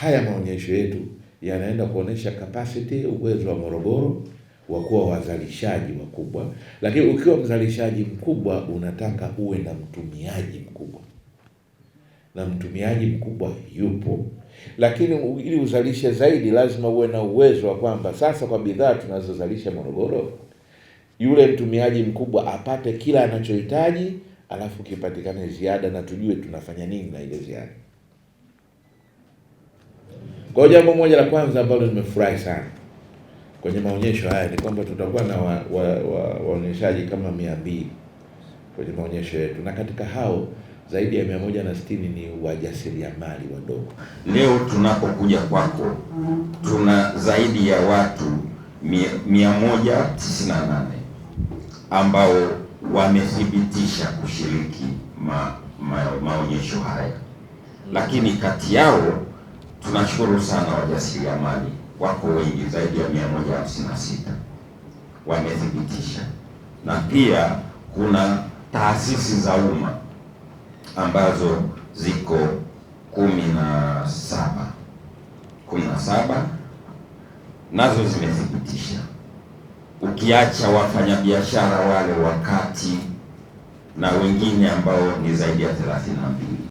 Haya maonyesho yetu yanaenda kuonesha capacity, uwezo wa Morogoro wa kuwa wazalishaji wakubwa, lakini ukiwa mzalishaji mkubwa unataka uwe na mtumiaji mkubwa, na mtumiaji mkubwa yupo, lakini ili uzalishe zaidi lazima uwe na uwezo wa kwamba sasa kwa bidhaa tunazozalisha Morogoro, yule mtumiaji mkubwa apate kila anachohitaji, alafu kipatikane ziada na tujue tunafanya nini na ile ziada. Kwa jambo moja la kwanza ambalo nimefurahi sana kwenye maonyesho haya ni kwamba tutakuwa na waonyeshaji wa, wa, wa kama mia mbili kwenye maonyesho yetu, na katika hao zaidi ya mia moja na sitini ni wajasiriamali wadogo. Leo tunapokuja kwako tuna zaidi ya watu mia, mia moja tisini na nane ambao wamethibitisha kushiriki ma, ma, maonyesho haya, lakini kati yao Tunashukuru sana wajasiriamali wako wengi zaidi ya 156 wamethibitisha, na pia kuna taasisi za umma ambazo ziko kumi na saba kumi na saba nazo zimethibitisha, ukiacha wafanyabiashara wale wakati na wengine ambao ni zaidi ya 32.